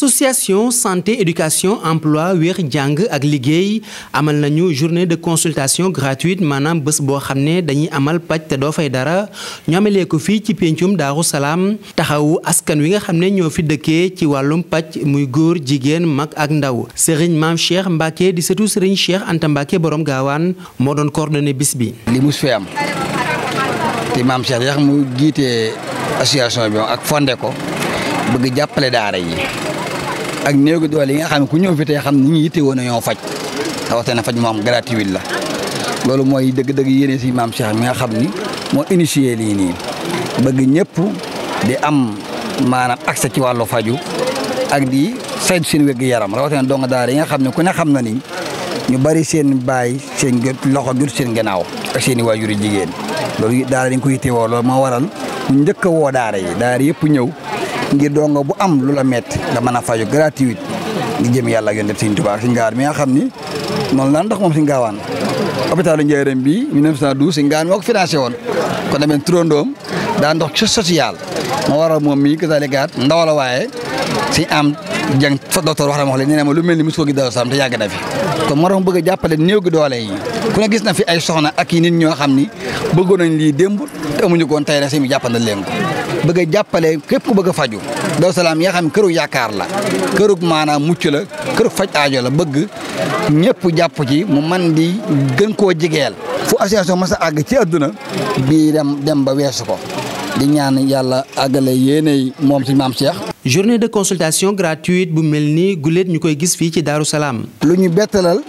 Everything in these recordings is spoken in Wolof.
association santé éducation emploi weex jàng ak liggéey amal nañu journée de consultation gratuite maanaam bés boo xam ne dañuy amal paj te doo fay dara ñu amalee ko fii ci pencum daaru salaam taxawu askan wi nga xam ne ñoo fi dëkkee ci wàllum paj muy góor jigéen mag ak ndaw sëriñ maam Cheikh Mbacke di sëtu sëriñ Cheikh Anta Mbacke borom gaawaan moo doon coordonné bis bi. li mus am te maam Cheikh yax mu jiite association bi ak fondé ko bëgg jàppale daara yi. ak néegu doole yi nga xam ne ku ñëw fi tey xam ni ñu yitte woon ñoo faj rawatina faj moom gratuit la loolu mooy dëgg-dëgg yéene si maam Cheikh mi nga xam ni moo initié lii nii bëgg ñëpp di am maanaam accès ci wàllu faju ak di saytu seen wégg yaram rawatina dong daara yi nga xam ne ku ne xam na ni ñu bari seen baay seen loxo jot seen gannaaw ak seen i waajuri jigéen loolu daara dañ ko yittewoo loolu moo waral ñu njëkk woo daara yi daara yëpp ñëw. ngir dongo bu am lu la metti nga mën a faju gratuit ngi yàlla ak yonent Sëriñ Tuubaa Sëriñ Gaawaan mi nga xam ni noonu laan dox moom Sëriñ Gaawaan hôpitalu Njaaréem bi 1912 Sëriñ Gaawaan moo ko financé woon kon demeen turandoom daa ndox ci social moo waral moom mii kasaalikaat ndaw la waaye Sëriñ am jàng fa wax na ma wax leen ma lu mel ni mosu ko gis Daaru Salaam te yàgg na fi kon moo tax mu bëgg a jàppale néew gi doole yi ku ne gis na fi ay soxna ak yi nit ñoo xam ni bëggoon nañ lii démb amuñu koon tey rek sëñ bi jàppandal leen ko bëgg jàppale képp ku bëgg a faju Daaru Salaam yaa xam këru yaakaar la këru maanaam mucc la këru faj aajo la bëgg ñëpp jàpp ci mu man di gën koo jigeel fu association mas a àgg ci àdduna bii dem dem ba weesu ko di ñaan yàlla àggale yéenay moom si maam Cheikh. journée de consultation gratuite bu mel ni guléet ñu koy gis fii ci Daaru Salaam. lu ñu bettalal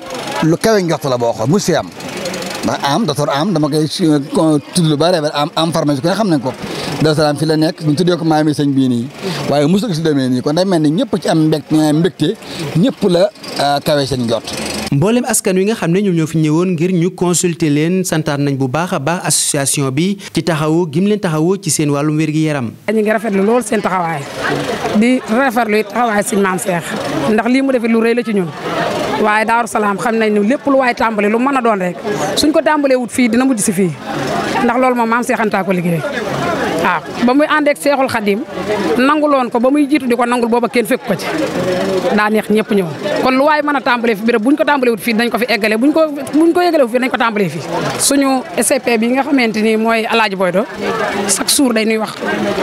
lu kawe njort la boo xam mu si ndax am docteur am dama koy euh, tudd lu bari am am pharmacie ko nga xam nañ ko Daaru Salaam fi la nekk ñu tuddee ko maam maami sëñ bii nii waaye mosul gis demee nii kon day mel ni ñëpp ci am mbég euh, mbégte ñëpp la euh, kawe seen mboolem askan wi nga xam ne ñoom ñoo fi ñëwoon ngir ñu consulter leen santaan nañ bu baaxa baax association bi ci taxawu gim leen taxawu ci seen wàllum wér-gi-yaram. ñu ngi rafetlu lool seen taxawaay di rafetlu it taxawaay si Maam Seex ndax lii mu defet lu rëy la ci ñun waaye daaru salaam xam nañ ne lépp lu waaye tàmbali lu mën a doon rek suñ ko tàmbalee wut fii dina mujj si fii ndax loolu moom maam Seex Anta ko liggéey waaw ah, ba muy ànd ak Seexul Xadim nanguloon ko ba muy jiitu di ko nangul booba kenn fekk ko ci daa ñëpp ñëw kon lu waaye mën a tàmbalee fi béréb buñ ko tàmbalee wut fii dañ ko fi eggalee buñ ko buñ ko eggalee wut fii dañ ko tàmbalee fii suñu SCP bi nga xamante ni mooy Alaaji Boy Do chaque jour day nuy wax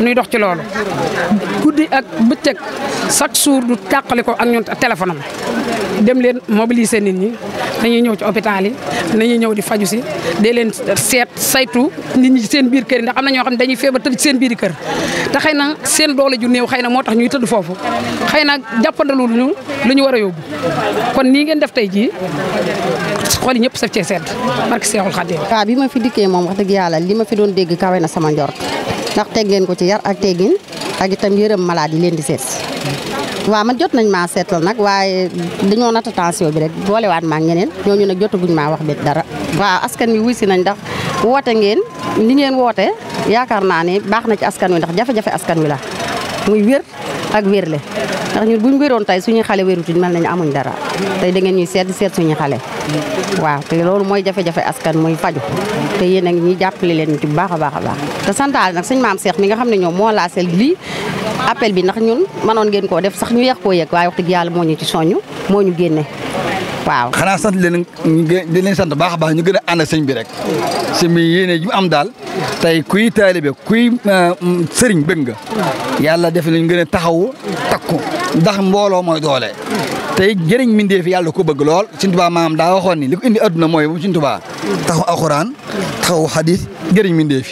nuy dox ci loolu di ak bëccëg chaque jour du tàqali ko ak ñun téléphone am dem leen mobiliser nit ñi nañuy ñëw ci hôpital yi nañuy ñëw di faju si dee leen seet saytu nit ñi seen biir kër yi ndax am na ñoo xam ne dañuy feebar tëdd ci seen biir kër te xëy na seen doole ju néew xëy na moo tax ñuy tëdd foofu xëy na jàppandalul ñu lu ñu war a yóbbu kon nii ngeen def tey jii xool yi ñëpp saf cee sedd barke Seexul Xadiim waaw bi ma fi dikkee moom wax dëgg yàlla li ma fi doon dégg kawe na sama njort ndax teg ngeen ko ci yar ak teggin ak itam yërëm malade yi leen di seet waa ma jot nañ maa seetal nag waaye dañoo natt tension bi rek boolewaat maa ngeneen ñooñu nag jotaguñ maa wax bi dara waa askan wi wuy si nañ ndax woote ngeen ni ngeen woote yaakaar naa ne baax na ci askan wi ndax jafe-jafe askan wi la muy wér ak wérle ndax ñun ñu wéroon tey suñu xale wérutuñ mel nañu amuñ dara tey da ngeen ñuy seet seet suñuy xale waaw te loolu mooy jafe-jafe askan muy faju te yéen a ñuy jàppale leen ci bu baax a baax a baax te santaale nag suñ maam Cheikh mi nga xam ne ñoom moo laasel lii appel bi ndax ñun mënoon ngeen koo def sax ñu yeex koo yëg waaye waxtu yàlla moo ñu ci soññ moo ñu génne waaw xanaa sant leen di leen sant baax a baax ñu gën a ànd ak bi rek sëñ bi yéene ju am daal tey kuy taalibe kuy mm, sëriñ bëgg nga yàlla def nañ gën a taxawu takku ndax mbooloo mooy doole tey jëriñ mbindéef yàlla ko bëgg lool sint Tuubaa maam daa waxoon ni li ko indi adduna mooy bu Sëñ Tuubaa taxaw alxuraan taxaw xadis jëriñ mbindéef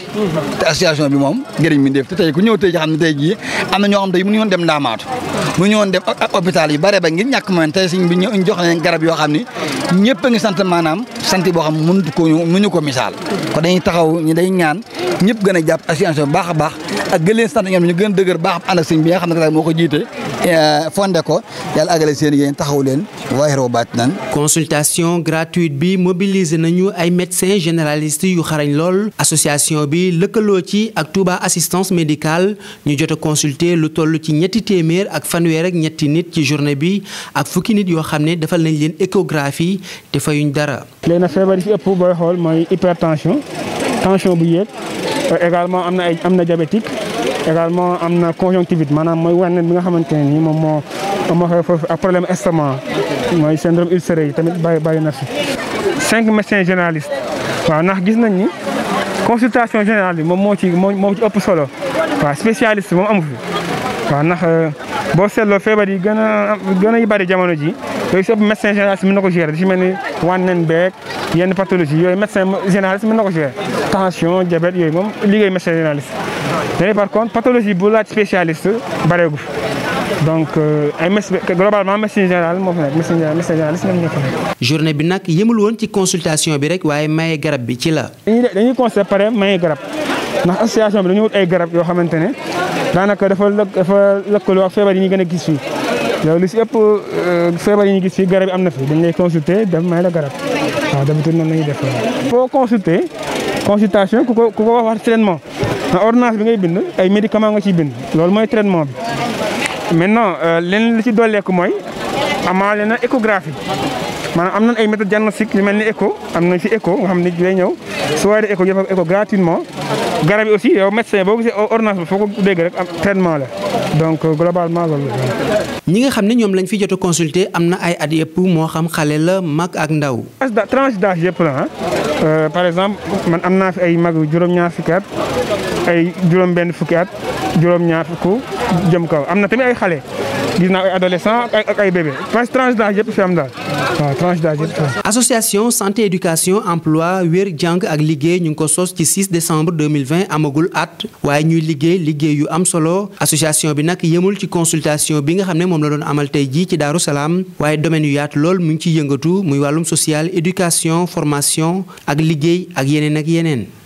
te association bi moom jëriñ mbindéef te tey ku ñëw tey xam ne tey jii am na ñoo xam tey mënuñu woon dem ndaamaatu mu ñëwoon dem ak hôpital yi bare ba ngir ñàkk moyen tey sëñ bi ñu jox garab yoo xam ni ñëpp ngi sant maanaam sant boo xam mënut ko ñu mënuñu ko misaal. ko dañuy taxaw ñi day ñaan ñëpp gën a jàpp assurance bu baax a baax ak gën leen sant ñoom ñu gën dëgër baax ànd ak sëñ bi nga xam ne daal moo ko jiite eh, fondé ko yàlla àggale seen yéen taxaw leen waayroo baat nan consultation gratuite bi mobiliser nañu ay médecins généraliste yu xarañ lool association bi lëkkaloo ci ak Touba assistance médicale ñu jot a consulter lu toll ci ñetti téeméer ak fanweer ak ñetti nit ci journée bi ak fukki nit yoo xam ne defal nañ leen échographie te fayuñ dara. léegi nag feebar yi ci ëpp également am na ay am na diabétique également am na conjonctivite maanaam mooy wane bi nga xamante ne nii moom moo moo xew foofu ak problème estomac mooy syndrome ulcéreux yi tamit bàyyi bàyyi na fi. cinq médecins généralistes waaw ndax gis nañ ni consultation générale bi moom moo ci moo moo ci ëpp solo waaw spécialiste moom amu fi waaw ndax euh, boo seetloo feebar yi gën a gën a bari jamono ji yooyu si ëpp médecin généraliste mën na ko gérer di si mel ni wànnen beek yenn pathologie yooyu médecin généraliste mën na ko gérer tension diabète yooyu moom liggéey médecin généraliste mais par contre pathologie bu laaj spécialiste bareegu donc euh, ay globalement médecine générale moo fi nekk médecine générale médecine généraliste ñoom journée bi nag yemul woon ci consultation bi rek waaye maye garab bi ci la. dañuy dañuy conseillé pare maye garab nax association bi dañu wut ay garab yoo xamante ne daanaka dafa dafa lëkkaloo ak yi ñu gën a gis fii loolu ëpp euh, feebar yi ñu gis fii garab yi am na fi dañ lay consulter dem may la garab. waaw d'habitude noonu la ñuy def foo consulter consultation ku ko ku ko wax wax traitement ordonnance bi ngay bind ay médicament nga ciy bind loolu mooy traitement bi. maintenant euh, leneen li ci dolleeku mooy amaale na échographie maanaam am na ay méthode diagnostique yu mel ni écho am nañ fi écho nga xam ni day ñëw su waree écho yëpp écho gratuitement. garab yi aussi yow médecin boo gisee ordonnance bi foo ko dégg rek am traitement la donc euh, globalement loolu ñi nga xam ne ñoom lañ fi jot a consulter am na ay at yëpp moo xam xale la mag ak ndaw. tranche d'âge yëpp la euh, par exemple man am naa fi ay mag juróom-ñaar fukki at ay juróom-benn fukki at juróom-ñaar fukk jëm kaw am na tamit ay xale. gis naa ay adolescents ak ay bébé parce que association santé éducation emploi wér jàng ak liggéey ñu ngi ko sos ci 6 décembre 2020 amagul at waaye ñuy liggéey liggéey yu am solo association bi nag yemul ci consultation bi nga xam ne moom la doon amal tey jii ci Daaru Salaam waaye domaine yu yaatu lool mu ngi ciy yëngatu muy wàllum social éducation formation ak liggéey ak yeneen ak yeneen.